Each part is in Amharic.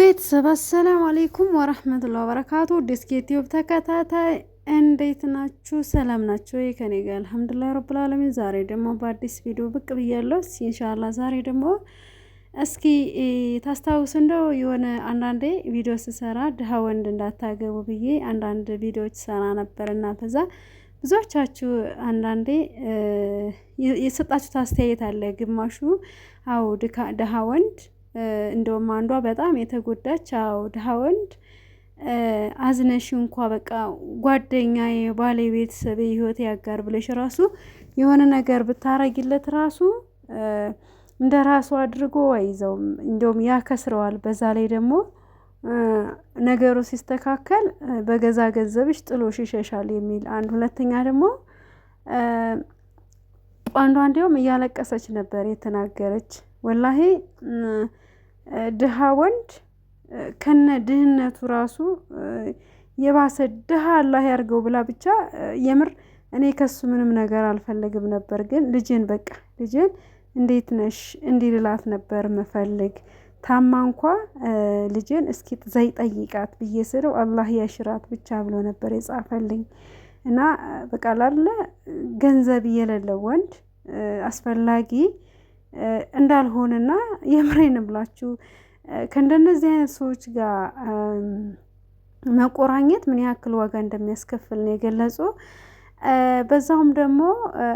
ቤተሰብ አሰላሙ አሌይኩም ወረህመቱላ ወበረካቱ። ዲስክ ዩቲዩብ ተከታታይ እንዴት ናችሁ? ሰላም ናችሁ? ከኔ ጋር አልሐምዱሊላህ ረብል ዛሬ ደግሞ በአዲስ ቪዲዮ ብቅ ብያለሁ። ኢንሻላ ዛሬ ደግሞ እስኪ ታስታውሱ እንደው የሆነ አንዳንዴ ቪዲዮ ስሰራ ድሀ ወንድ እንዳታገቡ ብዬ አንዳንድ ቪዲዮዎች ሰራ ነበር እና በዛ ብዙዎቻችሁ አንዳንዴ የሰጣችሁት አስተያየት አለ። ግማሹ አዎ ድሀ ወንድ እንደውም አንዷ በጣም የተጎዳች አዎ ድሃ ወንድ አዝነሽ እንኳ በቃ ጓደኛ የባለ ቤተሰብ ህይወት ያጋር ብለሽ ራሱ የሆነ ነገር ብታረጊለት ራሱ እንደ ራሱ አድርጎ አይዘውም፣ እንደውም ያከስረዋል። በዛ ላይ ደግሞ ነገሩ ሲስተካከል በገዛ ገንዘብሽ ጥሎሽ ይሸሻል የሚል አንድ፣ ሁለተኛ ደግሞ አንዷ እንዲሁም እያለቀሰች ነበር የተናገረች ወላሄ ድሃ ወንድ ከነ ድህነቱ ራሱ የባሰ ድሃ አላህ ያርገው ብላ ብቻ የምር እኔ ከሱ ምንም ነገር አልፈለግም ነበር። ግን ልጅን በቃ ልጅን እንዴት ነሽ እንዲልላት ነበር መፈልግ ታማ እንኳ ልጅን እስኪ ዘይጠይቃት ብዬ ስለው አላህ ያሽራት ብቻ ብሎ ነበር የጻፈልኝ። እና በቃ ላለ ገንዘብ የሌለው ወንድ አስፈላጊ እንዳልሆነና የምሬን ብላችሁ ከእንደነዚህ አይነት ሰዎች ጋር መቆራኘት ምን ያክል ዋጋ እንደሚያስከፍል ነው የገለጹ። በዛውም ደግሞ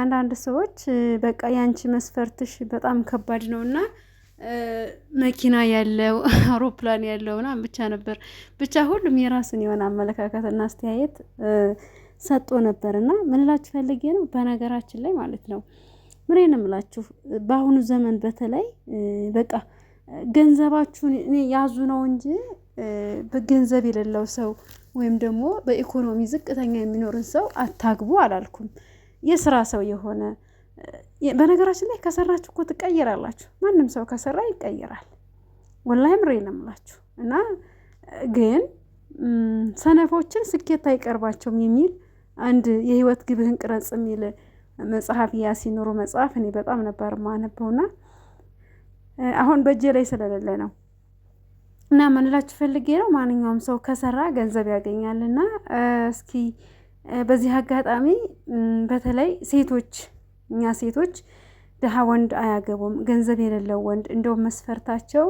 አንዳንድ ሰዎች በቃ የአንቺ መስፈርትሽ በጣም ከባድ ነው እና መኪና ያለው አውሮፕላን ያለው ምናምን ብቻ ነበር። ብቻ ሁሉም የራስን የሆነ አመለካከትና አስተያየት ሰጥቶ ነበር እና ምንላችሁ ፈልጌ ነው በነገራችን ላይ ማለት ነው ምሬ ነው የምላችሁ። በአሁኑ ዘመን በተለይ በቃ ገንዘባችሁን እኔ ያዙ ነው እንጂ በገንዘብ የሌለው ሰው ወይም ደግሞ በኢኮኖሚ ዝቅተኛ የሚኖርን ሰው አታግቡ አላልኩም። የስራ ሰው የሆነ በነገራችን ላይ ከሰራችሁ እኮ ትቀይራላችሁ። ማንም ሰው ከሰራ ይቀየራል። ወላይ ምሬ ነው የምላችሁ እና ግን ሰነፎችን ስኬት አይቀርባቸውም የሚል አንድ የህይወት ግብህን ቅረጽ የሚል መጽሐፍ ያሲን ኑሩ መጽሐፍ እኔ በጣም ነበር ማነበውና አሁን በእጄ ላይ ስለሌለ ነው። እና ምንላችሁ ፈልጌ ነው ማንኛውም ሰው ከሰራ ገንዘብ ያገኛልና እስኪ በዚህ አጋጣሚ በተለይ ሴቶች እኛ ሴቶች ድሀ ወንድ አያገቡም። ገንዘብ የሌለው ወንድ እንደውም መስፈርታቸው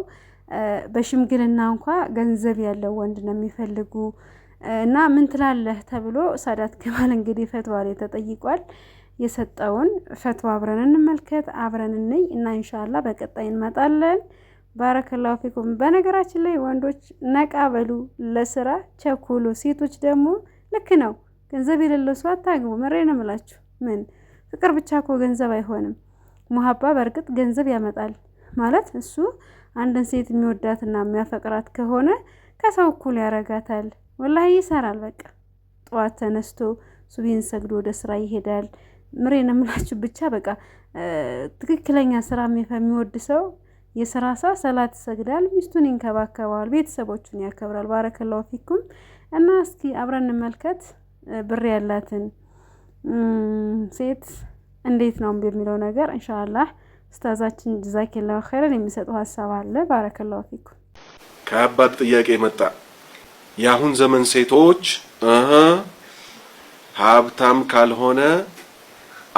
በሽምግልና እንኳ ገንዘብ ያለው ወንድ ነው የሚፈልጉ እና ምን ትላለህ ተብሎ ሳዳት ከማል እንግዲህ ፈትዋል ተጠይቋል። የሰጠውን ፈትዋ አብረን እንመልከት፣ አብረን እንይ እና እንሻላ በቀጣይ እንመጣለን። ባረከላሁ ፊኩም። በነገራችን ላይ ወንዶች ነቃ በሉ፣ ለስራ ቸኩሉ። ሴቶች ደግሞ ልክ ነው፣ ገንዘብ የሌለው ሰው አታግቡ። ምሬ ነው የምላችሁ። ምን ፍቅር ብቻ እኮ ገንዘብ አይሆንም። ሙሀባ በእርግጥ ገንዘብ ያመጣል ማለት እሱ አንድን ሴት የሚወዳትና የሚያፈቅራት ከሆነ ከሰው እኩል ያረጋታል። ወላሂ ይሰራል። በቃ ጠዋት ተነስቶ ሱቢን ሰግዶ ወደ ስራ ይሄዳል። ምሬ ነው የምላችሁ። ብቻ በቃ ትክክለኛ ስራ የሚወድ ሰው የስራ ሰው ሰላት ይሰግዳል፣ ሚስቱን ይንከባከባል፣ ቤተሰቦቹን ያከብራል። ባረከላሁ ፊኩም እና እስኪ አብረን እንመልከት ብር ያላትን ሴት እንዴት ነው የሚለው ነገር እንሻላህ ስታዛችን ጀዛኪላሁ ኸይረን የሚሰጡ ሀሳብ አለ። ባረከላሁ ፊኩም ከአባት ጥያቄ መጣ። የአሁን ዘመን ሴቶች ሀብታም ካልሆነ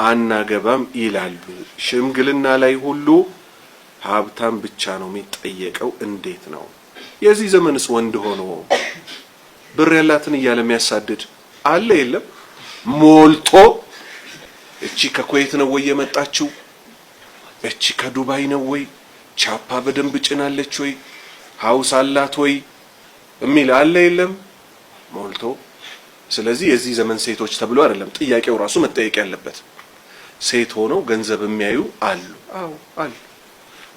አናገባም ይላሉ። ሽምግልና ላይ ሁሉ ሀብታም ብቻ ነው የሚጠየቀው። እንዴት ነው የዚህ ዘመንስ ወንድ ሆኖ ብር ያላትን እያለ የሚያሳድድ አለ? የለም ሞልቶ። እቺ ከኩዌት ነው ወይ የመጣችው? እቺ ከዱባይ ነው ወይ? ቻፓ በደንብ ጭናለች ወይ? ሀውስ አላት ወይ የሚል አለ? የለም ሞልቶ። ስለዚህ የዚህ ዘመን ሴቶች ተብሎ አይደለም ጥያቄው ራሱ መጠየቅ ያለበት። ሴት ሆነው ገንዘብ የሚያዩ አሉ። አዎ አሉ።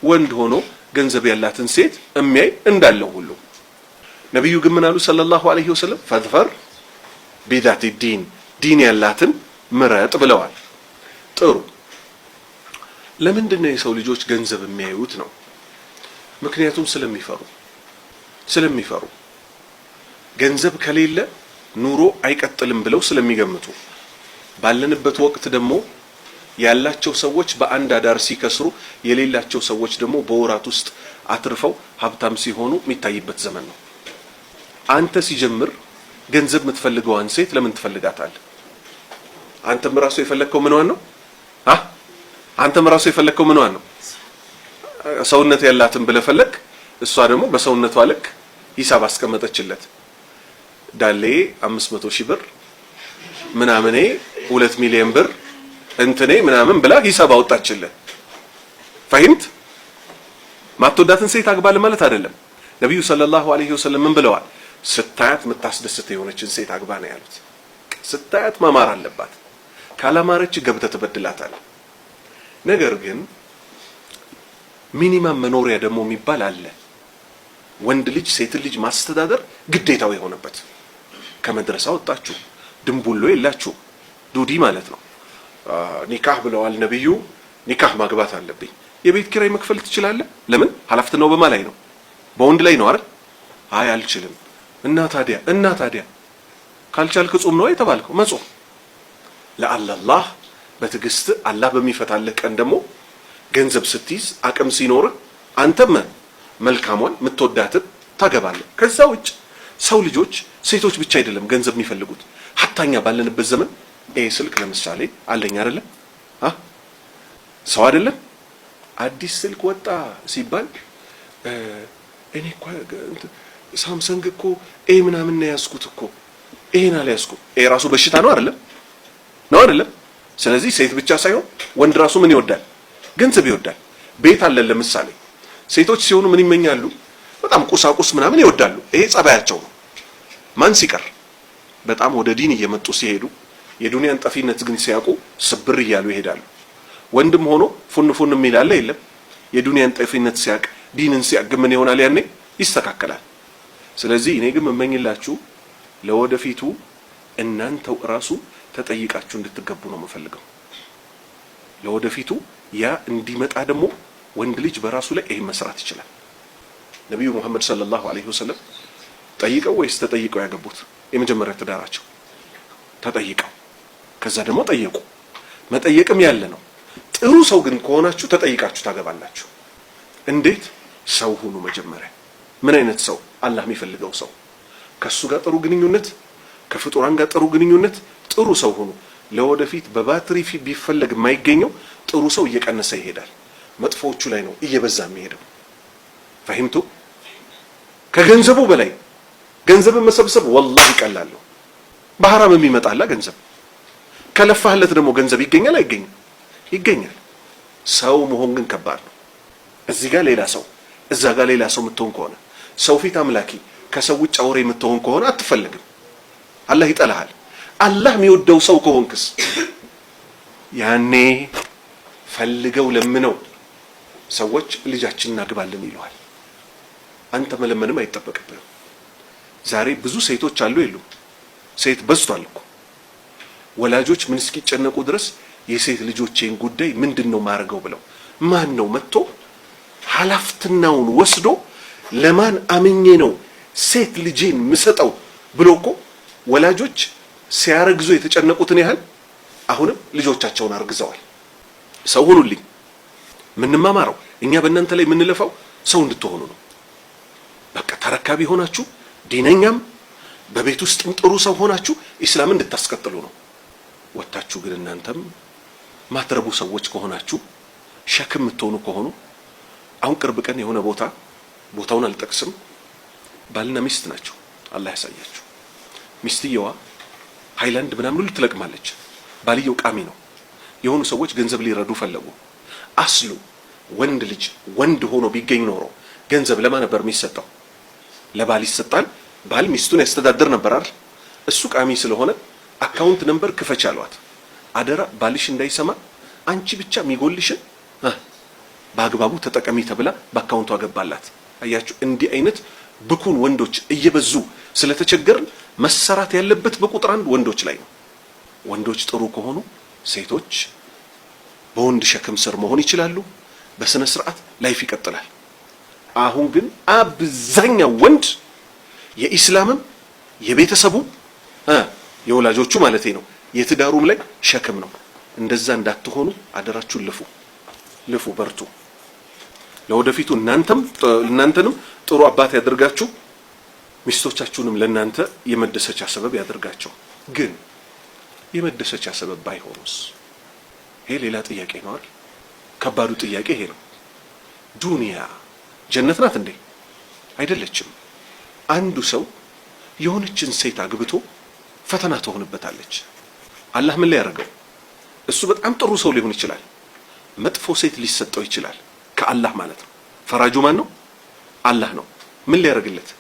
ወንድ ሆኖ ገንዘብ ያላትን ሴት የሚያይ እንዳለው ሁሉ ነቢዩ ግን ምን አሉ ሰለላሁ ዐለይሂ ወሰለም ፈዝፈር ቢዛቲ ዲን ዲን ያላትን ምረጥ ብለዋል። ጥሩ ለምንድን ነው የሰው ልጆች ገንዘብ የሚያዩት ነው? ምክንያቱም ስለሚፈሩ ስለሚፈሩ ገንዘብ ከሌለ ኑሮ አይቀጥልም ብለው ስለሚገምቱ ባለንበት ወቅት ደግሞ ያላቸው ሰዎች በአንድ አዳር ሲከስሩ፣ የሌላቸው ሰዎች ደግሞ በወራት ውስጥ አትርፈው ሀብታም ሲሆኑ የሚታይበት ዘመን ነው። አንተ ሲጀምር ገንዘብ የምትፈልገዋን ሴት ለምን ትፈልጋታለህ? አንተም ራሱ የፈለግከው ምንዋን ነው? አንተም ራሱ የፈለግከው ምንዋን ነው? ሰውነት ያላትን ብለህ ፈለግ፣ እሷ ደግሞ በሰውነቷ ልክ ሂሳብ አስቀመጠችለት። ዳሌ 500 ሺህ ብር ምናምኔ 2 ሚሊዮን ብር እንትኔ ምናምን ብላ ሂሳብ አወጣችልን። ፈሂምት ማትወዳትን ሴት አግባል ማለት አይደለም። ነቢዩ ሰለላሁ ዐለይሂ ወሰለም ምን ብለዋል? ስታያት የምታስደስት የሆነችን ሴት አግባ ነው ያሉት። ስታያት ማማር አለባት። ካላማረች ገብተህ ትበድላታለህ። ነገር ግን ሚኒማም መኖሪያ ደግሞ የሚባል አለ። ወንድ ልጅ ሴትን ልጅ ማስተዳደር ግዴታው የሆነበት ከመድረሳ ወጣችሁ ድንቡሎ የላችሁ ዱዲ ማለት ነው። ኒካህ ብለዋል ነብዩ ኒካህ ማግባት አለብኝ። የቤት ኪራይ መክፈል ትችላለህ? ለምን ኃላፊነው በማ ላይ ነው? በወንድ ላይ ነው አይደል? አይ አልችልም። እና ታዲያ እና ታዲያ ካልቻልክ ጾም ነው የተባልከው። መጾም ለአላህ በትዕግስት አላህ በሚፈታልህ ቀን ደግሞ ገንዘብ ስትይዝ አቅም ሲኖርህ አንተም መልካሟን የምትወዳትን ታገባለህ። ከዛ ውጭ ሰው ልጆች ሴቶች ብቻ አይደለም ገንዘብ የሚፈልጉት ሀታኛ ባለንበት ዘመን ይህ ስልክ ለምሳሌ አለኝ አይደለም ሰው አይደለም። አዲስ ስልክ ወጣ ሲባል እኔ እኮ ሳምሰንግ እኮ ኤ ምናምን ነው ያዝኩት እኮ ይሄን አልያዝኩም። ይሄ ራሱ በሽታ ነው አይደለም ነው አይደለም። ስለዚህ ሴት ብቻ ሳይሆን ወንድ ራሱ ምን ይወዳል? ገንዘብ ይወዳል። ቤት አለን ለምሳሌ ሴቶች ሲሆኑ ምን ይመኛሉ? በጣም ቁሳቁስ ምናምን ይወዳሉ። ይሄ ጸባያቸው ነው። ማን ሲቀር በጣም ወደ ዲን እየመጡ ሲሄዱ የዱንያን ጠፊነት ግን ሲያውቁ ስብር እያሉ ይሄዳሉ። ወንድም ሆኖ ፉን ፉን የሚላለ የለም። የዱንያን ጠፊነት ሲያውቅ ዲንን ሲያግ ምን ይሆናል? ያኔ ይስተካከላል። ስለዚህ እኔ ግን መመኝላችሁ ለወደፊቱ እናንተው እራሱ ተጠይቃችሁ እንድትገቡ ነው የምፈልገው። ለወደፊቱ ያ እንዲመጣ ደግሞ ወንድ ልጅ በራሱ ላይ ይሄ መስራት ይችላል። ነቢዩ ሙሐመድ ሰለላሁ ዐለይሂ ወሰለም ጠይቀው ወይስ ተጠይቀው ያገቡት የመጀመሪያ ትዳራቸው? ተጠይቀው ከዛ ደግሞ ጠየቁ። መጠየቅም ያለ ነው። ጥሩ ሰው ግን ከሆናችሁ ተጠይቃችሁ ታገባላችሁ። እንዴት ሰው ሁኑ። መጀመሪያ ምን አይነት ሰው? አላህ የሚፈልገው ሰው፣ ከሱ ጋር ጥሩ ግንኙነት፣ ከፍጡራን ጋር ጥሩ ግንኙነት፣ ጥሩ ሰው ሁኑ። ለወደፊት በባትሪ ቢፈለግ የማይገኘው ጥሩ ሰው እየቀነሰ ይሄዳል። መጥፎዎቹ ላይ ነው እየበዛ የሚሄደው። ፈሂምቱ ከገንዘቡ በላይ ገንዘብን መሰብሰብ ወላሂ ይቀላለሁ በሐራም የሚመጣላ ገንዘብ ከለፋህለት ደግሞ ገንዘብ ይገኛል አይገኝም? ይገኛል። ሰው መሆን ግን ከባድ ነው። እዚህ ጋር ሌላ ሰው፣ እዛ ጋር ሌላ ሰው የምትሆን ከሆነ ሰው ፊት አምላኪ፣ ከሰው ውጭ አውሬ የምትሆን ከሆነ አትፈለግም። አላህ ይጠላሃል። አላህ የሚወደው ሰው ከሆንክስ ያኔ ፈልገው ለምነው ሰዎች ልጃችን እናግባለን ይለዋል። አንተ መለመንም አይጠበቅብህም። ዛሬ ብዙ ሴቶች አሉ የሉም? ሴት በዝቷል እኮ ወላጆች ምን እስኪጨነቁ ድረስ የሴት ልጆቼን ጉዳይ ምንድን ነው ማድረገው ብለው ማን ነው መጥቶ ኃላፊትናውን ወስዶ ለማን አምኜ ነው ሴት ልጄን ምሰጠው ብሎ እኮ ወላጆች ሲያረግዙ የተጨነቁትን ያህል አሁንም ልጆቻቸውን አርግዘዋል። ሰው ሁኑልኝ። የምንማማረው እኛ በእናንተ ላይ የምንለፋው ሰው እንድትሆኑ ነው። በቃ ተረካቢ ሆናችሁ ዲነኛም በቤት ውስጥም ጥሩ ሰው ሆናችሁ ኢስላምን እንድታስቀጥሉ ነው። ወጥታችሁ ግን እናንተም ማትረቡ ሰዎች ከሆናችሁ ሸክም የምትሆኑ ከሆኑ አሁን ቅርብ ቀን የሆነ ቦታ ቦታውን አልጠቅስም፣ ባልና ሚስት ናቸው። አላህ ያሳያችሁ። ሚስትየዋ ሃይላንድ ምናምን ሁሉ ትለቅማለች። ባልየው ቃሚ ነው። የሆኑ ሰዎች ገንዘብ ሊረዱ ፈለጉ። አስሉ ወንድ ልጅ ወንድ ሆኖ ቢገኝ ኖሮ ገንዘብ ለማ ነበር የሚሰጠው? ለባል ይሰጣል። ባል ሚስቱን ያስተዳድር ነበር አይደል? እሱ ቃሚ ስለሆነ አካውንት ነንበር ክፈች አሏት። አደራ ባልሽ እንዳይሰማ አንቺ ብቻ የሚጎልሽን በአግባቡ ተጠቀሚ ተብላ በአካውንቷ ገባላት። አያችሁ እንዲህ አይነት ብኩን ወንዶች እየበዙ ስለተቸገርን መሰራት ያለበት በቁጥር አንድ ወንዶች ላይ ነው። ወንዶች ጥሩ ከሆኑ ሴቶች በወንድ ሸክም ስር መሆን ይችላሉ። በስነ ስርዓት ላይፍ ይቀጥላል። አሁን ግን አብዛኛው ወንድ የኢስላምም የቤተሰቡ የወላጆቹ ማለት ነው። የትዳሩም ላይ ሸክም ነው። እንደዛ እንዳትሆኑ አደራችሁን ልፉ ልፉ፣ በርቱ። ለወደፊቱ እናንተም እናንተንም ጥሩ አባት ያደርጋችሁ፣ ሚስቶቻችሁንም ለእናንተ የመደሰቻ ሰበብ ያደርጋቸው። ግን የመደሰቻ ሰበብ ባይሆኑስ? ይሄ ሌላ ጥያቄ ነው አይደል? ከባዱ ጥያቄ ይሄ ነው። ዱንያ ጀነት ናት እንዴ? አይደለችም። አንዱ ሰው የሆነችን ሴት አግብቶ ፈተና ትሆንበታለች። አላህ ምን ላይ ያደርገው? እሱ በጣም ጥሩ ሰው ሊሆን ይችላል፣ መጥፎ ሴት ሊሰጠው ይችላል። ከአላህ ማለት ነው። ፈራጁ ማን ነው? አላህ ነው። ምን ሊያደርግለት